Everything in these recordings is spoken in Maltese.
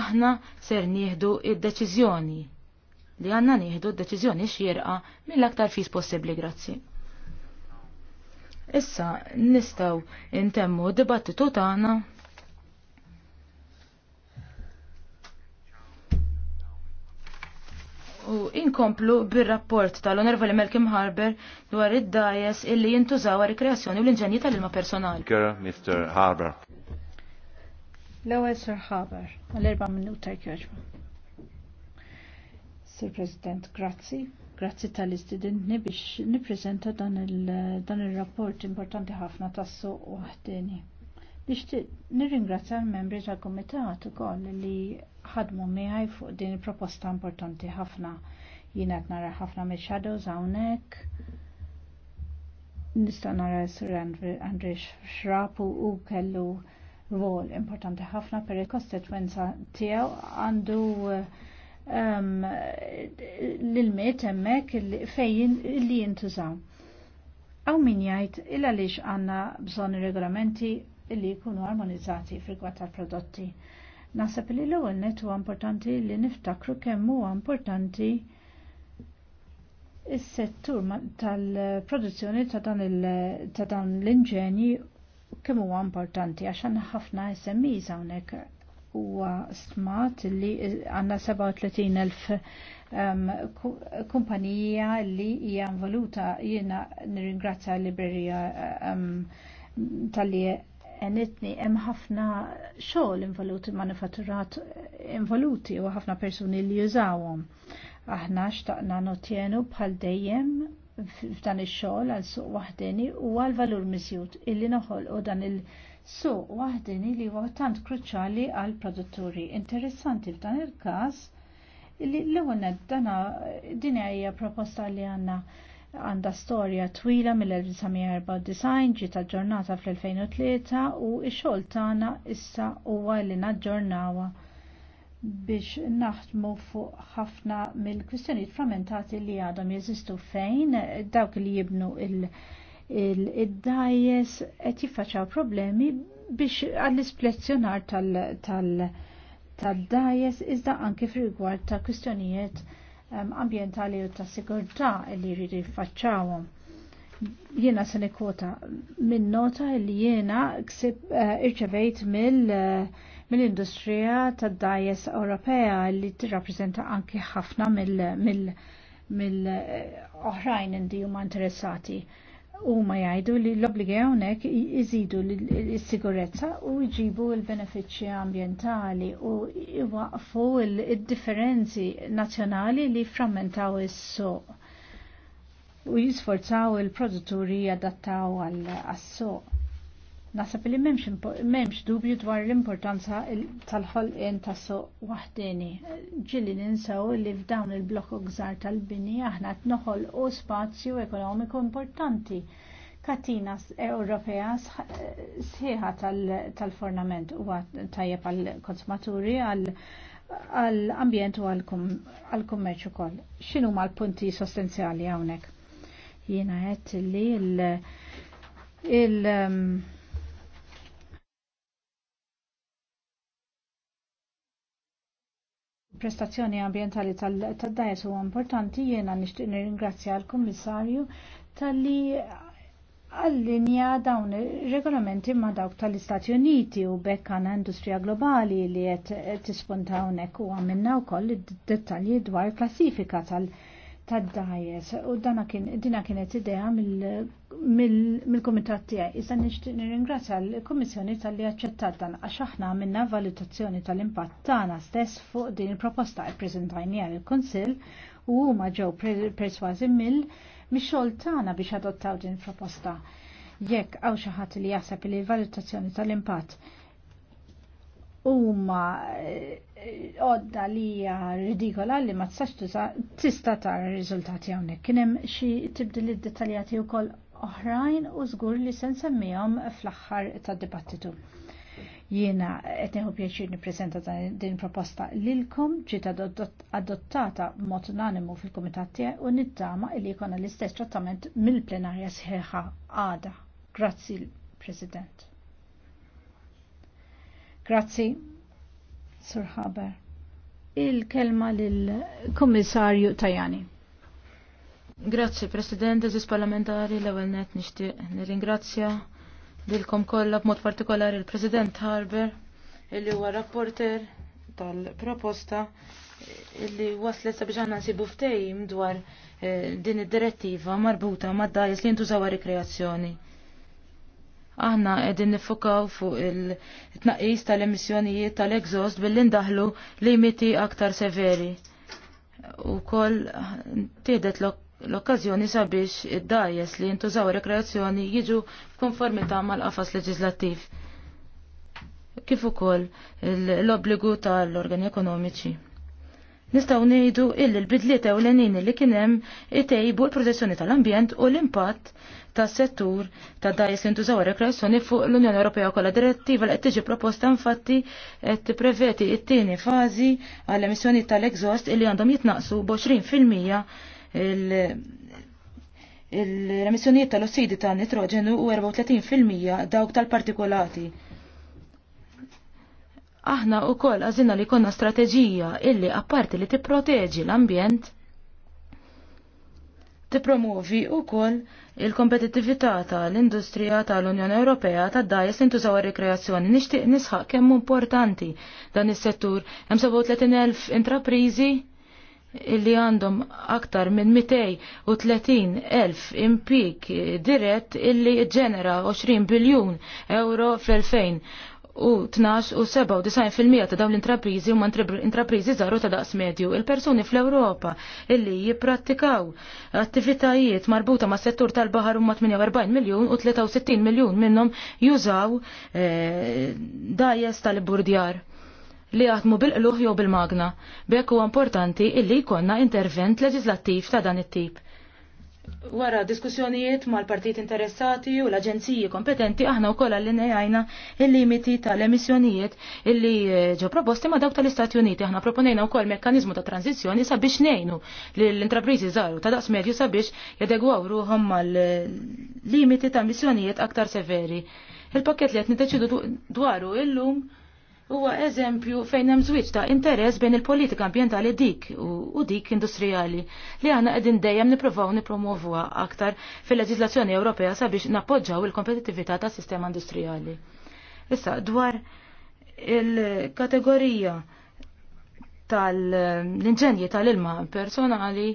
aħna ser nieħdu id-deċiżjoni li għanna nieħdu d-deċiżjoni xjerqa mill-aktar fis possibbli grazzi. Issa nistaw intemmu dibattitu tagħna u inkomplu bir-rapport tal-Onervali Malcolm Harber dwar id-dajes illi jintużaw għar rikreazzjoni u l-inġenji tal-ilma personali. Mr. Harber. L-ewwel Sir Haber, għal erba minuta jkjoġba. Sir President, grazzi. Grazzi tal-istudentni biex nippreżenta dan il-rapport importanti ħafna tas u waħdini. Biex nirringrazzja l-membri tal-Kumitat ukoll li ħadmu miegħi fuq din il-proposta importanti ħafna. jien qed nara ħafna mix-shadows hawnhekk nista nara Sir Andrej Xrapu u kellu rol importanti ħafna per il-kostituenza tiegħu għandu um, ehm, l hemmhekk fejn li jintużaw. Aw min jgħid il għaliex għandna bżonn regolamenti li jkunu armonizzati frigwat tal-prodotti. Nasab li l-ewwel net huwa importanti li niftakru kemm huwa importanti is-settur tal-produzzjoni ta' dan l-inġenji kemm huwa importanti għax għandna ħafna SMEs hawnhekk huwa stmat li għandna 37,000 um, kumpanija li hija involuta jiena nirringrazzja l librerija um, tal-li enitni hemm ħafna xogħol involuti manifatturat involuti u ħafna persuni li jużawhom. Aħna xtaqna notjenu bħal dejjem f'dan ix-xogħol għal suq waħdini u għal valur miżjud illi noħolqu dan il-suq waħdini li huwa tant kruċjali għal produtturi. Interessanti f'dan il-każ li l-ewwel dana din hija proposta li għandna għandha storja twila mill-1994 ġiet aġġornata fl-2003 u x-xogħol tagħna issa huwa li naġġornawha biex naħdmu fuq ħafna mill-kwistjonijiet frammentati li għadhom jeżistu fejn dawk li jibnu il-dajes qed jiffaċċaw problemi biex għall-isplezzjonar tal-dajes iżda anke f'rigward ta' kwistjonijiet ambjentali u ta' sigurtà li jridu jiffaċċawhom jiena se nikkota min nota li jiena ksib eh, irċevejt mill mill-industrija tad-dajes Ewropea li tirrappreżenta anki ħafna mill-oħrajn eh, indi huma interessati. Huma jgħidu li l-obbligi hawnhekk iżidu l-sigurezza u jġibu l-benefiċċji ambjentali u iwaqfu l-differenzi nazzjonali li frammentaw is so u jisforzaw il-produtturi jadattaw għal so Nasab li memx, dubju dwar l-importanza tal-ħolqien tas suq waħdini. Ġilli ninsaw li f'dawn il-blokku gżar tal-bini aħna t-noħol u spazju ekonomiku importanti. Katina Ewropea sħiħa tal-fornament u tajjeb għal-konsumaturi għal-ambjent u għal-kummerċu kol. Xinu l punti sostenziali għawnek? Jina għet li il- um, il-prestazzjoni ambientali tad-dajes huwa importanti jiena nixtieq nirringrazzja l-Kummissarju tal-li għallinja dawn regolamenti ma dawk tal-Istati Uniti u bekk għana industrija globali li qed tispunta hawnhekk u għamminna wkoll id-dettalji dwar klassifika tal- tad-dajes u dana kien dina kienet idea mill-kumitat tiegħi. Issa nixtieq nirringrazzja l-Kummissjoni tal-li aċċettat dan għax aħna minna valutazzjoni tal-impatt tagħna stess fuq din il-proposta ppreżentajnija e lill-Kunsill u huma ġew persważi mill mix-xogħol tagħna biex adottaw din il-proposta. Jekk hawn xi ħadd li jaħseb li l valutazzjoni tal-impatt huma eh, għodda li hija ridikola li ma tistax tista' tara r-riżultati hawnhekk. Kien hemm xi tibdil id-dettaljati wkoll oħrajn u żgur li se nsemmihom fl-aħħar tad-dibattitu. Jiena qed neħu pjaċir nippreżenta din proposta lilkom ġiet adottata mod unanimu fil-kumitat tiegħi u nittama li jkollna l-istess trattament mill-plenarja sħiħa għada. Grazzi, President. Grazzi, Sir Haber. Il-kelma lill-Kummissarju Tajani. Grazzi, President, eżis parlamentari, l-ewel net nishtiq nir-ingrazzja kolla kollha b'mod partikolari l-President Harber, illi huwa rapporter tal-proposta illi waslet sabiex għanna nsibu ftejim dwar eh, din id-direttiva marbuta mad-dajs li jintużaw rekreazzjoni. kreazzjoni Aħna qegħdin nifukaw fuq il-tnaqqis tal-emissjonijiet tal-exhaust billi ndaħlu limiti aktar severi. U koll tiedet l-okkazjoni sabiex id-dajes li jintużaw rekreazzjoni jiġu konformità mal-qafas leġislattiv. Kif ukoll l-obbligu tal-organi ekonomiċi. Nistaw nejdu illi l-bidliet ewlenin li kienem itejbu l-protezzjoni tal-ambjent u l-impatt ta' settur ta' dajs intużaw rekreazzjoni fuq l-Unjoni Ewropea kollha direttiva li qed tiġi proposta infatti qed preveti t-tieni fażi għall emissjoni tal-exhaust illi għandhom jitnaqsu b'20 fil-mija l-emissjonijiet tal-ossidi tan nitrogenu u 34% dawk tal-partikolati. Aħna u koll għazina li konna strateġija illi apparti li tipproteġi l-ambjent, tipromuvi u koll il-kompetitività tal-industrija tal-Unjoni Ewropea ta' dajes intużaw rekreazzjoni nixtieq nisħaq kemm importanti dan is-settur hemm 37,000 intraprizi illi għandhom aktar minn 230,000 impik dirett illi ġenera 20 biljun euro fl-2000 u 12 u 97% ta' dawn l-intraprizi huma intraprizi żaru ta' daqs medju. Il-persuni fl-Ewropa illi jipprattikaw attivitajiet marbuta ma' settur tal-baħar huma 48 miljun u 63 miljun minnhom jużaw eh, dajes tal-burdjar li jaħdmu bil-qluħ jew bil-magna. Bekk huwa importanti illi jkollna intervent leġislattiv ta' dan it-tip. Wara diskussjonijiet mal-partit interessati u l-aġenziji kompetenti aħna u l għallinejajna il-limiti tal-emissjonijiet illi eh, ġo proposti ma dawk tal-Istati Uniti. Aħna proponejna u koll mekanizmu ta' tranzizjoni sabiex nejnu l-intraprizi zaru ta' daqs medju sabiex jadegwaw ruħom mal-limiti ta' emissjonijiet aktar severi. Il-pakket li għet niteċidu dwaru illum huwa eżempju fejn hemm żwieġ ta' interess bejn il-politika ambjentali dik u dik industrijali li għana qegħdin dejjem nippruvaw nippromovuha aktar fil-leġiżlazzjoni Ewropea sabiex nappoġġaw il-kompetittività tas-sistema industrijali. Issa dwar il-kategorija tal-inġenji tal-ilma personali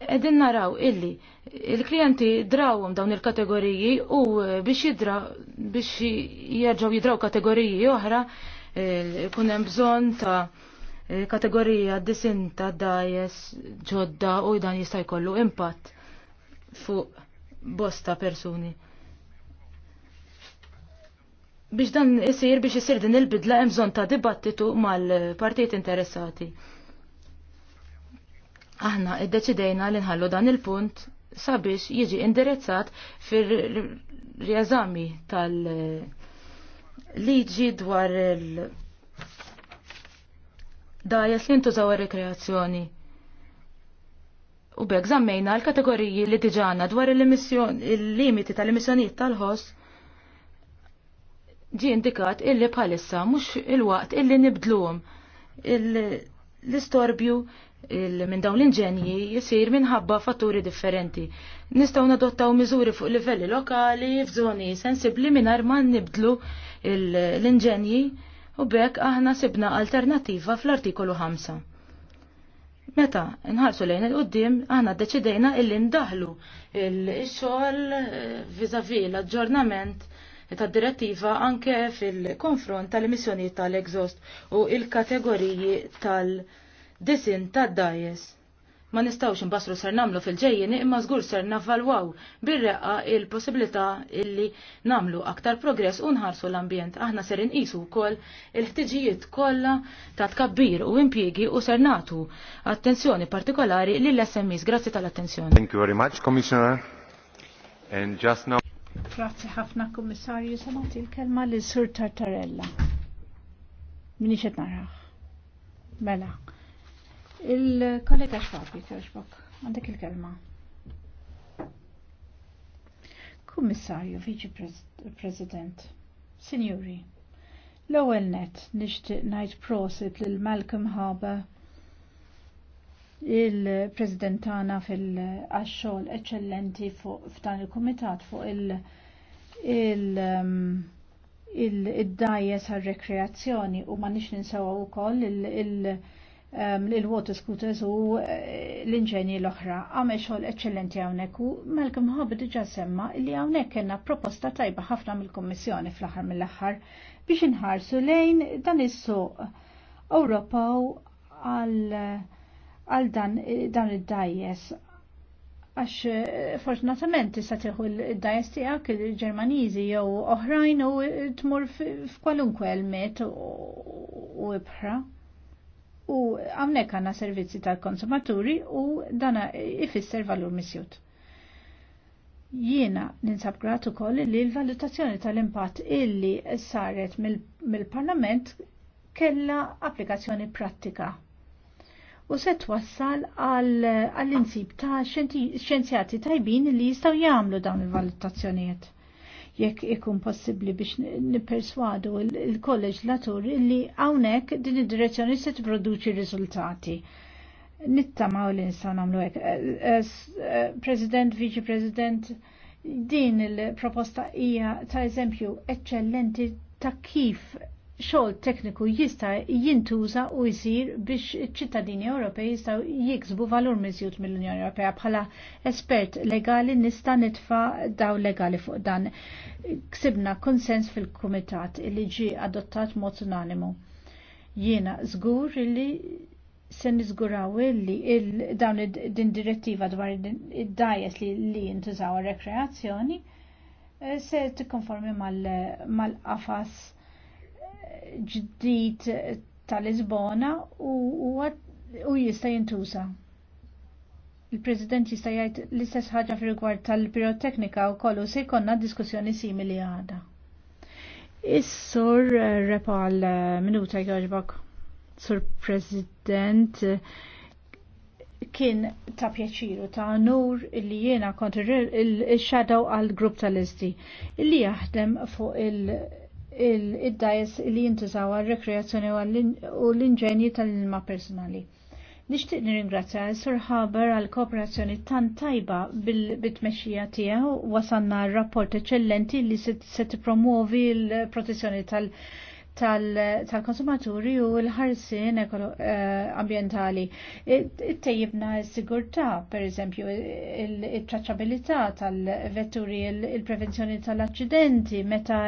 Edin naraw illi il-klienti drawhom dawn il-kategoriji u eh, biex jidra biex jerġgħu jidraw kategoriji oħra eh, ikun hemm bżonn ta' eh, kategorija disinta dajes ġodda u dan jista' jkollu impatt fuq bosta persuni. Biex dan isir biex isir din il-bidla hemm bżonn ta' dibattitu mal-partijiet interessati aħna iddeċidejna li nħallu dan il-punt sabiex jiġi indirizzat fir-rieżami tal-liġi dwar il- dajes li ntużaw rekreazzjoni. U bekk zammejna l-kategoriji li diġana dwar il-limiti tal-emissjonijiet tal-ħoss ġi indikat illi bħalissa mhux il-waqt illi nibdluhom l-istorbju il minn dawn l-inġenji jisir minħabba fatturi differenti. Nistaw nadottaw miżuri fuq livelli lokali, f'żoni sensibli mingħajr ma nibdlu l-inġenji u bekk aħna sibna alternativa fl-artikolu 5. Meta nħarsu lejn il-qoddim, aħna deċidejna illi ndaħlu il-xogħol eh, viżavi l-aġġornament ta' direttiva anke fil-konfront tal-emissjonijiet tal-exhaust u il-kategoriji tal-, -kategoriji tal disin tad dajes. Ma nistawx imbasru ser namlu fil-ġejjien imma żgur ser navvalwaw bir-reqqa il-possibilità illi namlu aktar progress u nħarsu l-ambjent. Aħna ser inqisu wkoll il-ħtiġijiet kollha ta' tkabbir u impjiegi u ser natu attenzjoni partikolari lill-SMEs. Grazzi tal-attenzjoni. Thank you very much, Commissioner. And just now... Grazzi ħafna, Kummissarju. Sanati il-kelma l Sur Tartarella. Minix qed naraħ. Mela. Il-kollega t jitjoġbok, għandek il-kelma. Kummissarju, Viċi President, signori, l-ewwel net nixtieq ngħid prosit lil Malcolm Harbour il-President fil-għaxxol eċċellenti fuq f'dan il-Kumitat fuq il- il um, il għal rekreazzjoni u ma nix ninsawa u koll il-, il, il Um, l-water scooters u eh, l-inġeni l-oħra. Għamel xogħol eċċellenti hawnhekk u Malcolm Hobb diġà semma li hawnhekk kellna proposta tajba ħafna mill-Kummissjoni fl-aħħar mill-aħħar biex inħarsu lejn dan is-suq u għal dan dan id-dajjes għax eh, fortunatament tista' tieħu id-dajes tiegħek il-Ġermaniżi jew oħrajn u tmur f'kwalunkwe l-met u ibħra u għamnek għanna servizzi tal-konsumaturi u dana ifisser valur misjut. Jiena ninsab gratu koll li l-valutazzjoni tal-impatt illi saret mill-parlament mil kella applikazzjoni prattika u se twassal għall-insib ta' xenzjati tajbin li jistaw jagħmlu dawn il-valutazzjonijiet jekk ikun possibbli biex nipperswadu il-kolleġlatur illi hawnhekk din id-direzzjoni se tipproduċi riżultati. Nittamaw li nistgħu nagħmlu hekk. Eh, eh, eh, President, Viċi President, din il-proposta hija ta' eżempju eċċellenti ta' kif xogħol tekniku jista' jintuża u jsir biex iċ-ċittadini Ewropej jistgħu jiksbu valur miżjud mill-Unjoni Ewropea bħala espert legali nista' nitfa' daw legali fuq dan. Ksibna konsens fil-kumitat li ġie adottat mod unanimu. Jiena żgur li se nizguraw li dawn din direttiva dwar id-dajes li jintużaw rekreazzjoni eh, se tikkonformi mal-qafas mal qafas ġdid tal-Lisbona u, u jista' jintuża. Il-President jista' jgħid l-istess ħaġa f'rigward rigward tal-piroteknika u kollu se jkollna diskussjoni simili għada. Is-sur eh, repal eh, minuta jgħaġbak. Sur President kien ta' pjaċiru ta' nur illi jiena kont il-shadow għal grupp tal-isti illi jaħdem fuq il- il dajes li jintużaw għal-rekreazzjoni u l-inġenji tal-ilma personali. Nixtieq nirringrazzja Sir Haber għal kooperazzjoni tan tajba bil-bitmexxija tiegħu wasanna r-rapport eċċellenti li se promuovi l-protezzjoni tal- tal-konsumaturi u l-ħarsin eh, ambientali. Ittejjibna s-sigurta, per eżempju, il-traċabilità tal-vetturi, il-prevenzjoni tal-accidenti, meta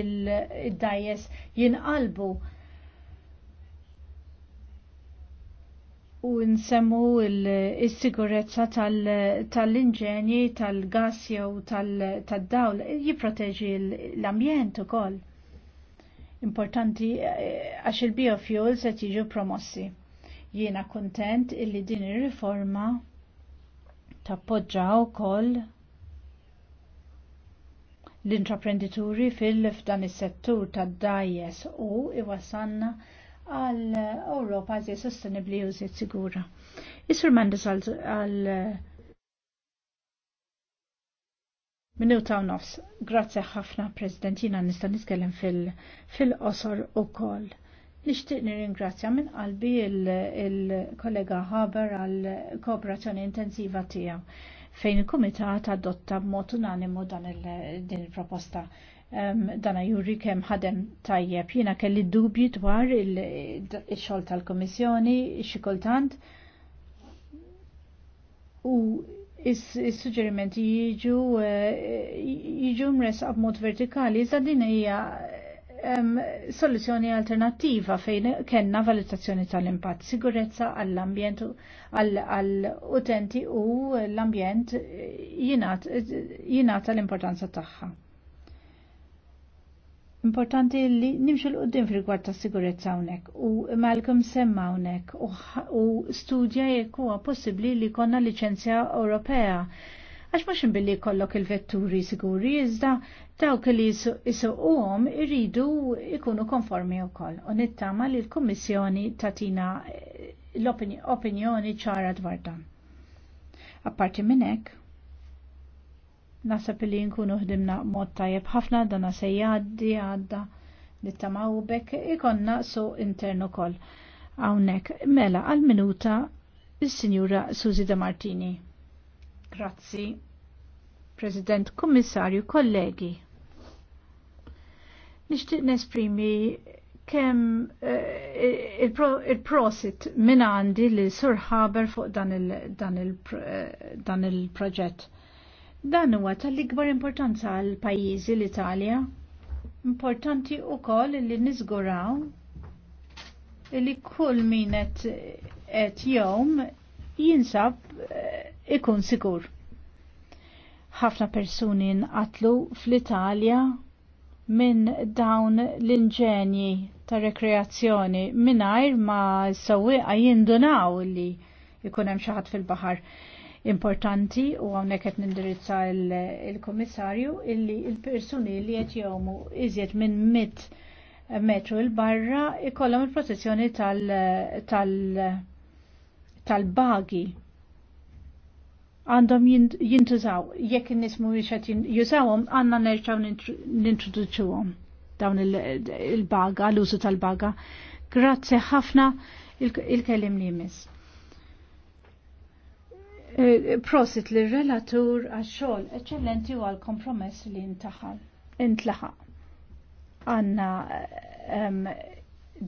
il-dajes jinqalbu. u nsemmu il-sigurezza tal-inġenji, tal-gas jew tal-dawl, jiproteġi l-ambjent u koll importanti eh, għax il-biofuels qed jiġu promossi. Jiena kuntent illi din ir-riforma tappoġġa wkoll l-intraprendituri fil-fdan is-settur tad-dajes u iwasanna għal Ewropa sostenibbli u sigura. Isur sur Mendes għal Minuta ta' nofs. Grazie ħafna, President. Jina nista niskellem fil-qosor fil u koll. Nishtiq nirringrazzja minn qalbi il-kollega il Haber għal kooperazzjoni intensiva tiegħu fejn il-Kumitat adotta b'mod unanimu dan il-din il-proposta. Um, dana juri kem ħadem tajjeb. Jina kelli dubji dwar il-xol il xol tal komissjoni xikultant. U is-suġġerimenti jiġu eh, jiġu mresqa mod vertikali, iżda din hija soluzzjoni alternativa fejn kenna valutazzjoni tal-impatt, sigurezza għall-ambjent għall-utenti u l-ambjent jingħata l-importanza tagħha. Importanti li nimxu l-qoddim fil-gwar ta' sigurezza unek u Malcolm semma unek u studja jekk huwa possibbli li konna licenzja Ewropea. Għax mux billi kollok il-vetturi siguri, iżda dawk li jisuqom irridu ikunu konformi u koll. U nittama li l-Kommissjoni tatina eh, l-opinjoni ċara dwar dan. Apparti minnek, Nasab li nkunu ħdimna mod tajjeb ħafna dana se jgħaddi għadda nittamaw bekk ikonna su internu kol. Għawnek, mela għal-minuta il-Sinjura Suzi De Martini. Grazzi, President, Kommissarju, kollegi. Nishtiq nesprimi kem eh, il-prosit minn għandi li surħaber fuq dan il-proġett. il, il, dan il eh, proġett Dan huwa tal-ikbar importanza għal pajjiżi l-Italja. Importanti wkoll li niżguraw li kull min qed jom jinsab eh, ikun sigur. Ħafna persuni nqatlu fl-Italja minn dawn l-inġenji ta' rekreazzjoni mingħajr ma sewwieqa jindunaw li jkun hemm xi ħadd fil-baħar importanti u għawnek qed nindirizza il-komissarju illi il-persuni li qed jomu iżjed minn mit metru il-barra ikollhom il-protezzjoni tal-bagi għandhom jintużaw, jekk in-nies mhuwiex qed nerċaw għandna nerġgħu dawn il-baga, l-użu tal-baga. Grazzi ħafna il-kellim li jmiss. Eh, prosit li relatur għax-xogħol eċċellenti u għal kompromess li intaħal. Intlaħaq. Għanna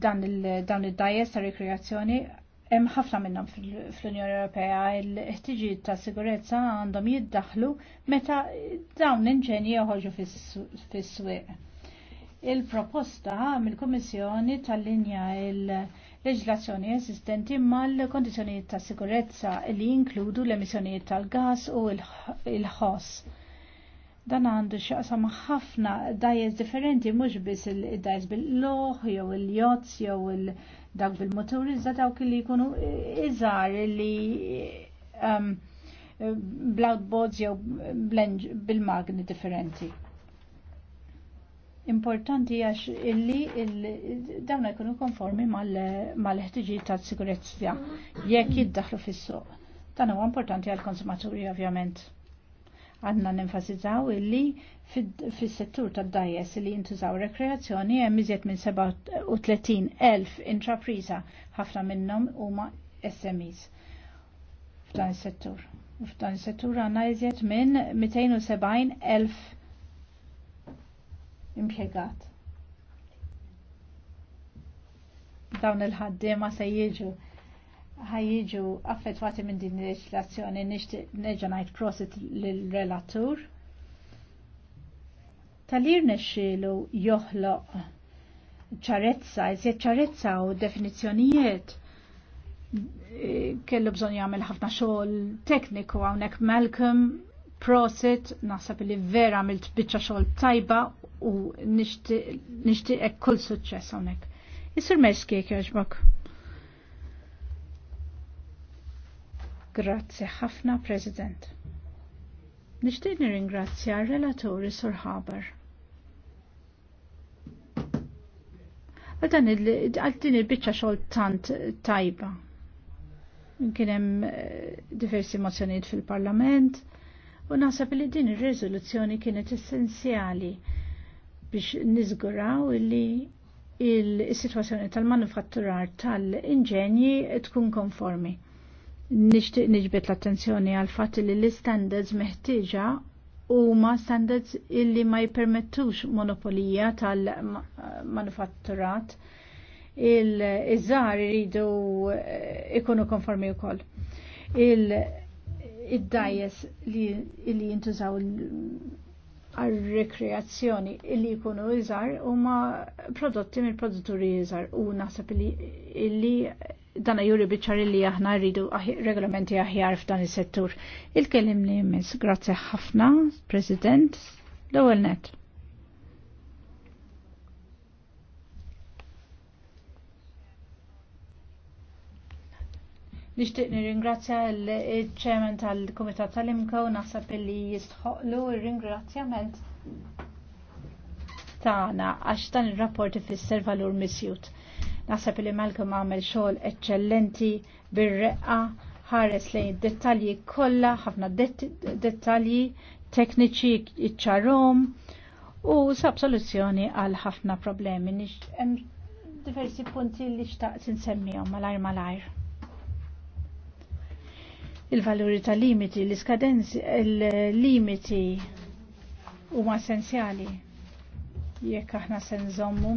dan il-dajes ta' rekreazzjoni hemm ħafna minnhom fl-Unjoni Ewropea il-ħtiġijiet ta' sigurezza għandhom jiddaħħlu meta dawn l-inġenji joħorġu fis-swieq. Il-proposta mill-Kummissjoni tal-linja il- leġislazzjoni esistenti mal-kondizjonijiet ta' sikurezza li jinkludu l-emissjonijiet tal-gas u l-ħoss. Dan għandu xaqsam ħafna dajes differenti mhux biss il-dajes bil-loħ jew il-jozz jew il-dak bil motorizza iżda dawk li jkunu iżar li um, eh, bloutboards jew bil-magni differenti importanti għax illi dawna jkunu konformi mal-ħtiġijiet tal-sikurezza jekk jiddaħlu fis-suq. Dan huwa importanti għall-konsumaturi ovvjament. Għadna nenfasizzaw illi fis-settur tad-dajes li jintużaw rekreazzjoni hemm iżjed minn 37,000 intrapriża ħafna minnhom huma SMEs f'dan is-settur. U f'dan is-settur għandna iżjed minn 270,000 impjegat. Dawn il-ħaddiema se jiġu ħajjiġu affettwati minn din il-leġislazzjoni neġa ngħid prosit l relatur Talir nexxielu joħloq ċarezza, iżjed ċarezza u definizzjonijiet e, kellu bżon jagħmel ħafna xogħol tekniku hawnhekk Malcolm prosit naħseb li vera mill biċċa xogħol tajba u ek kull suċċess hawnhekk. Isir Merski jogħġbok. Grazzi ħafna, President. Nixtieq nirringrazzja r-relaturi Sur Haber. Għal dan il bicċa xol tant tajba. Kien hemm eh, diversi mozzjonijiet fil-Parlament u nasab li din ir-riżoluzzjoni kienet essenzjali biex nizguraw illi il-situazzjoni tal-manufatturar tal-inġenji tkun konformi. Nixtieq niġbet l-attenzjoni għal fatt li l-standards meħtieġa huma standards illi ma jippermettux monopolija tal-manufatturat il-żar iridu eh, ikunu konformi wkoll. Il-dajes li jintużaw il għal-rekreazzjoni illi jkunu iżar u ma prodotti mill produtturi iżar u nasab illi dana juri bieċar illi aħna rridu regolamenti aħjar f'dan is-settur. Il-kelim li jmiss, grazzi ħafna, President, l-ewwel net. Nixtieq nirringrazzja l-ċemen tal-Kumitat tal-Imko naħseb li jistħoqlu r-ringrazzjament tagħna għax dan ir-rapport ifisser valur misjut. Naħseb li Malcolm għamel xogħol eċċellenti bir-reqqa ħares lejn id-dettalji kollha, ħafna dettalji tekniċi iċċarhom u sab soluzzjoni għal ħafna problemi. Hemm diversi punti li xtaqt insemmihom malajr malajr il-valuri tal-limiti, l-iskadenzi, il-limiti huma essenzjali jekk aħna se nżommu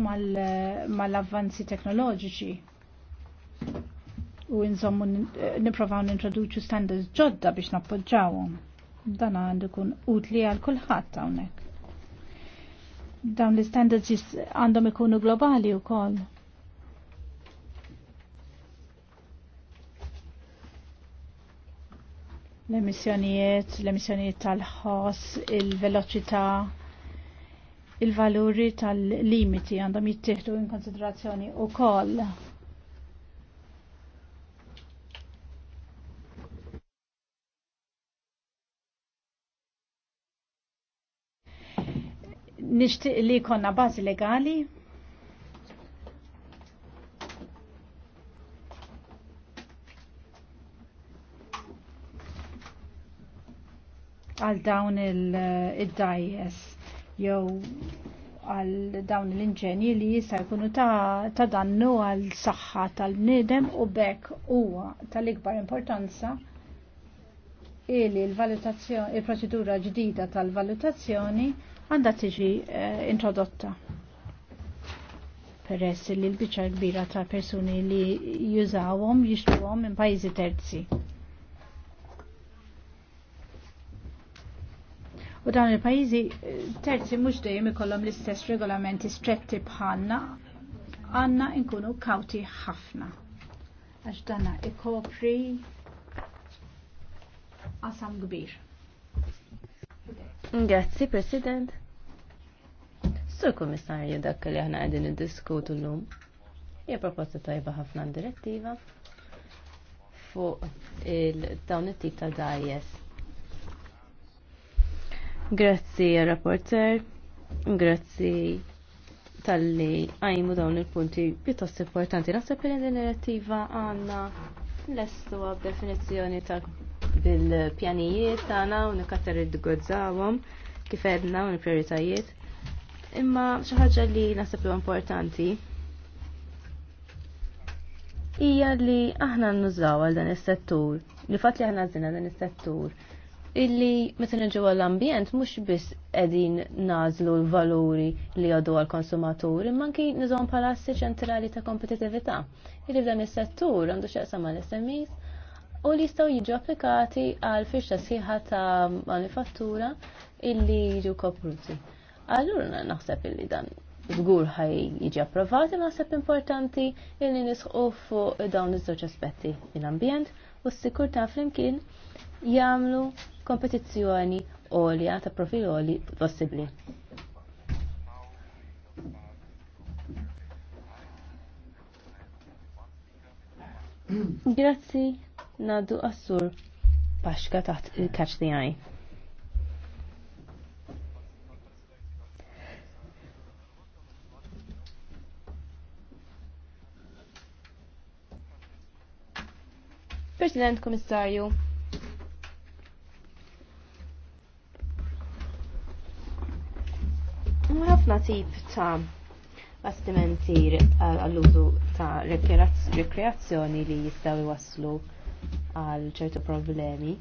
mal-avvanzi teknoloġiċi u nżommu niprofaw nintroduċu standards ġodda biex nappoġġawhom. Dan għandu kun utli għal kulħadd hawnhekk. Dawn l-standards għandhom ikunu globali wkoll L-emissjonijiet, l-emissjonijiet tal-ħoss, il-veloċità, il-valuri tal-limiti għandhom jittieħdu in konsiderazzjoni u koll. Nishtiq li konna bazi legali għal dawn il-dajes jew għal dawn l-inġenji li jista' jkunu ta' dannu għal saħħa tal-bniedem u bekk huwa tal-ikbar importanza ili l-valutazzjoni il-proċedura ġdida tal-valutazzjoni għandha tiġi eh, introdotta. Peress li l-biċċa kbira ta' persuni li jużawhom jixtruhom minn pajjiżi terzi. U dawn il-pajjiżi eh, terzi mhux dejjem ikollhom l-istess regolamenti stretti bħalna għandna nkunu kawti ħafna. Għax danna ikopri qasam kbir. Grazzi, President. Sur Komissarju dak li aħna qegħdin niddiskutu llum. Hija proposta tajba ħafna direttiva fuq il dawn it-tip ta' dajes Grazzi rapporter, grazzi tal-li għajmu dawn il-punti pjuttost importanti. Naħseb li din direttiva għanna l-estu għab definizjoni ta' bil-pjanijiet tagħna u nikkatter id-gozzawhom kif għedna u l-prioritajiet. Imma xi ħaġa li naħseb li importanti hija li aħna nużaw għal dan is-settur. Li fatt li aħna għażilna dan is-settur illi meta ġewwa l ambjent mhux biss qegħdin nażlu l-valuri li għadu għall-konsumatur, imma anki nizom bħala ċentrali ta' kompetitività. Illi f'dan is-settur għandu x'jaqsam mal-SMEs u li jistgħu jiġu applikati għal firxa sħiħa ta' manifattura illi jiġu kopruti. Allura naħseb illi dan żgur ħaj jiġi approvati naħseb importanti illi nisħu fuq dawn iż-żewġ aspetti l-ambjent u s ta' flimkien jagħmlu kompetizzjoni olja ta' profil għoli possibbli. Grazzi, nadu assur paxka taħt il-kaċ di President Komissarju. ħafna tip ta' bastimenti għall-użu ta' rekreazzjoni li jistaw waslu għal ċertu problemi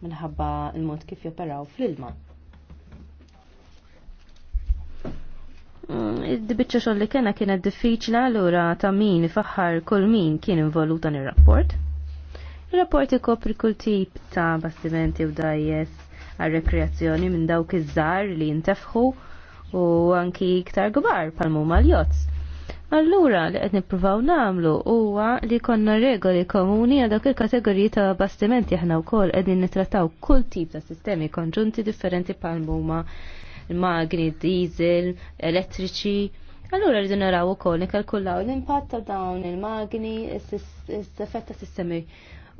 minħabba il-mod kif joperaw fl-ilma. id-bicċa xoll li kena kienet diffiċla l-ura ta' min faħħar kol min kien involuta nir rapport Il-rapport ikopri kull tip ta' bastimenti u dajjes għal rekreazzjoni minn dawk iż-żar li jintefħu u anki iktar gbar pal-muma l-jotz. Allura li qed nippruvaw namlu huwa li konna regoli komuni għal dawk il-kategoriji ta' bastimenti aħna wkoll qegħdin nitrattaw kull tip ta' sistemi konġunti differenti pal il-magni, diesel, elettriċi. Allura rridu naraw ukoll nikalkullaw l-impatt ta' dawn il-magni, s-effett ta' sistemi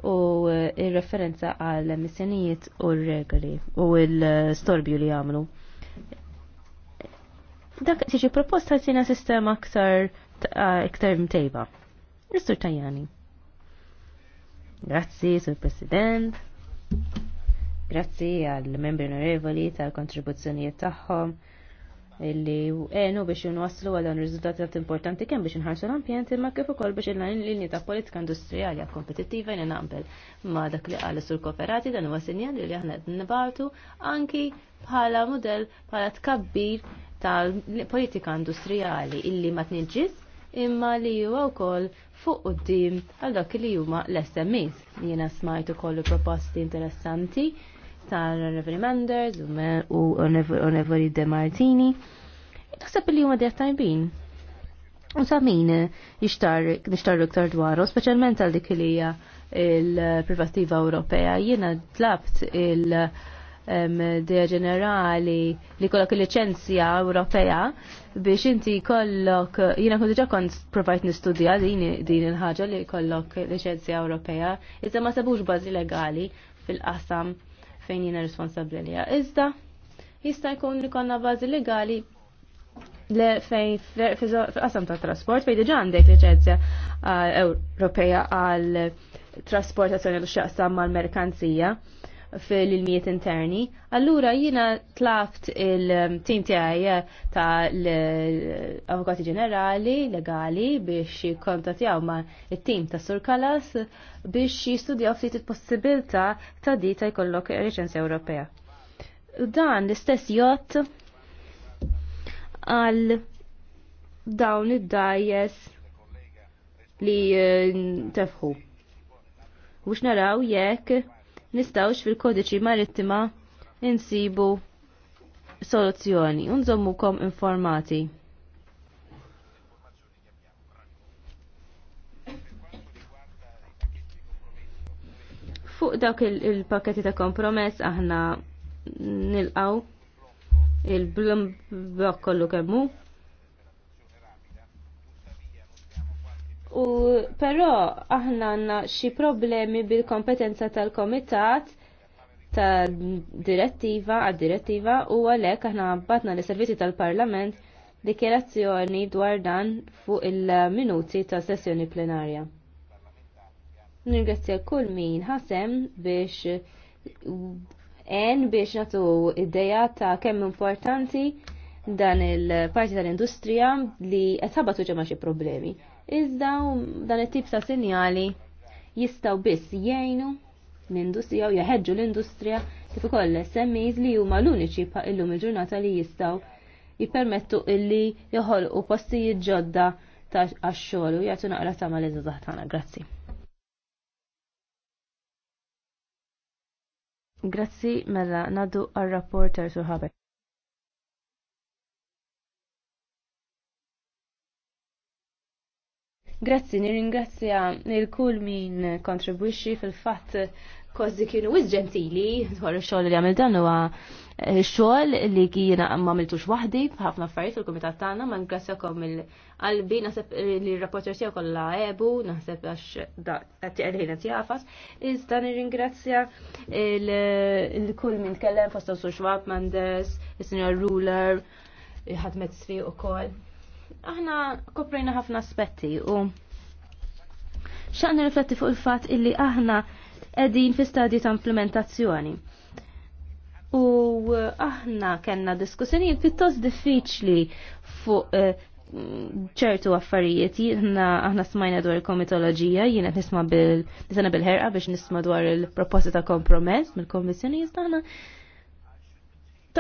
u eh, il-referenza għal emissjonijiet u r-regoli u l-storbju li għamlu. Dak tiġi proposta tina sistema aktar iktar mtejba. Mr. Tajani. Grazzi, Sur President. Grazzi għall membri onorevoli tal-kontribuzzjonijiet tagħhom illi għenu biex jinwaslu għal dan riżultati importanti kemm biex inħarsu l-ambjent imma kif ukoll biex il-lan linji ta' politika industrijali għal kompetittiva jien naqbel ma' dak li qalu sur kooperati dan huwa sinjal li aħna qed nibaltu anki bħala mudell bħala tkabbir tal-politika industrijali illi ma tniġġis imma li huwa wkoll fuq quddiem għal dak li huma l-SMEs. Jiena smajt ukoll proposti interessanti tal Reverend Manders u Reverend De Martini. Naħseb li huma dejja tajbin. U sa' min nixtar iktar dwaru, speċjalment għal dik li hija il-privattiva Ewropea. Jiena tlabt il- Dea ġenerali li kollok il-licenzja Ewropea biex inti kollok, jina kun diġa kont provajt nistudja din, il-ħagġa li kollok licenzja Ewropea, iżda ma sabux bażi legali fil-qasam fejn jina responsabli li Iżda jista' jkun li konna bażi legali le fejn f'qasam ta' trasport fejn diġà għandek liċenzja uh, Ewropea għal trasportazzjoni l-xaqsam mal-merkanzija fil-ilmijiet interni. Allura jina tlaft il-tim tiegħi ta' l-Avukati Ġenerali Legali biex jikkontatjaw ma' il-tim ta' Sur Kalas biex jistudjaw ftit il-possibilta ta' di ta' jkollok reċenzja Ewropea. Dan l-istess jott għal dawn id-dajes li eh, tefħu. Wux naraw jekk nistawx fil-kodiċi marittima insibu soluzzjoni, kom informati. Fuq dak il-paketti ta' kompromess aħna nilqaw il-blum blok kollu kemmu. U però aħna għandna xi problemi bil-kompetenza tal-komitat ta' direttiva għad direttiva u għalhekk aħna batna li servizzi tal-Parlament dikjerazzjoni dwar dan fuq il-minuti ta' sessjoni plenarja. Nirgazzja kull min ħasem biex en biex natu id-deja ta' kemm importanti dan il-parti tal-industrija li qed ġemma xie xi problemi iżda dan it-tip ta' sinjali jistaw biss jgħinu l-industrija u jeħeġġu l-industrija kif ukoll SMEs li huma l-uniċi illum il-ġurnata li jistaw jippermettu illi joħolqu postijiet ġodda ta' għax-xogħol u jagħtu naqra ta' maliza taħtana. tagħna. Grazzi. Grazzi mela ngħaddu għal-rapporter suħabek. Grazzi, nirringrazzja il-kull min kontribwixi fil-fatt kozzi kienu wis ġentili dwar ix-xogħol li għamil dan huwa eh, xogħol li kiena m'għamiltux waħdi bħafna affarijiet fil-kumitat tagħna ma ngrassjakom il-qalbi naħseb eh, li r-rapporter tiegħu kollha ebu naħseb għax qed ħin qed jafas. Iżda nirringrazzja il-kull min tkellem fost Sur Schwab Mendes, is-Sinjor Ruler, ħadmet sfiq ukoll. Aħna koprejna ħafna aspetti u xaqna rifletti fuq il-fat illi aħna edin fi stadji ta' implementazzjoni. U aħna kena diskussjoni pittos diffiċli fuq eh, ċertu affarijiet, jina aħna smajna dwar il-komitologija, jina nisma bil-ħerqa biex nisma dwar il-proposta ta' kompromess mill-komissjoni, jizna aħna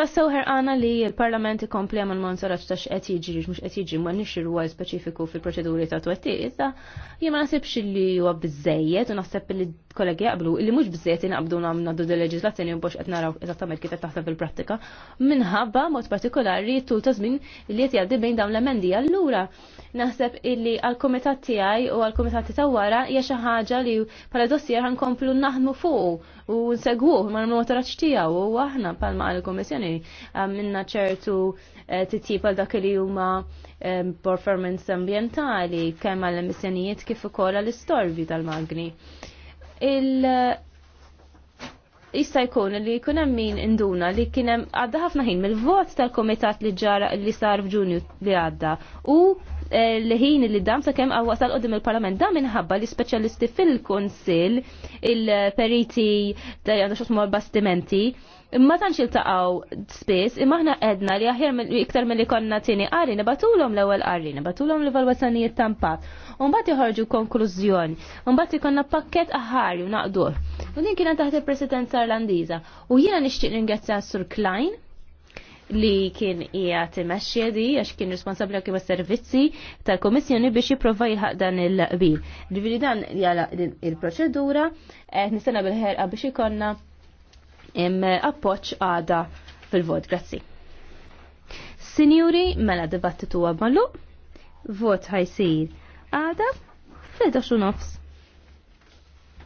sewher għana li l-Parlament ikompli għamal monsoraċ ta' xqed jiġri mhux qed jiġri ma nix rwol speċifiku fil-proċeduri ta' twetti, issa jien ma nasibx li huwa biżejjed u naħseb li kollegi jaqblu li mhux biżejjed inqabdu nagħmlu du leġislazzjoni u biex qed naraw eżattament kif qed taħseb fil-prattika minħabba mod partikolari tul ta' żmien li qed jgħaddi bejn dawn l-emendi allura naħseb illi għal kumitat tiegħi u għal-komitati ta' wara hija xi ħaġa li paradossi ħankomplu naħdmu fuq u nsegwuh ma nagħmlu taraċ tiegħu u aħna palma għal komissjoni għamilna ċertu eh, titjib għal dak li huma eh, performance ambientali kemm għal emissjonijiet kif ukoll l istorbi tal-magni. Il jista' jkun li jkun hemm min induna li kien hemm għadda ħafna ħin mill-vot tal-komitat li ġara li sar f'Ġunju li għadda u l-ħin li dam sakemm għaw wasal qoddim il-Parlament. Dam minħabba li specialisti fil-Kunsill il-periti ta' għandu xosmu bastimenti imma tantx taqaw spiss imma aħna edna li aħjar iktar milli konna tieni qari nibatulhom l-ewwel qari, nibatulhom l-evalwazzjonijiet t'ampat. impatt. U mbagħad joħorġu konklużjoni, u mbagħad ikonna pakkett aħari u naqduh. U din kienet taħt il-Presidenza Irlandiża. U jiena nixtieq ringrazzja Sur Klein li kien qiegħed imexxija di għax kien responsabbli għakim servizzi tal-Komissjoni biex jipprova jilħaq dan il-qbil. Ġifieri dan jgħala il-proċedura qed nistenna bil-ħerqa biex im appoġġ għada fil-vot. Grazzi. Sinjuri, mela dibattitu għamalu, vot ħajsir għada fil 11 nofs.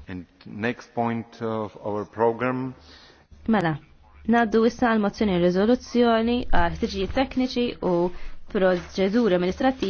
And next point of our program. Mela, Naddu issa għal mozzjoni e riżoluzzjoni għal ħtiġijiet tekniċi u proċeduri amministrativi.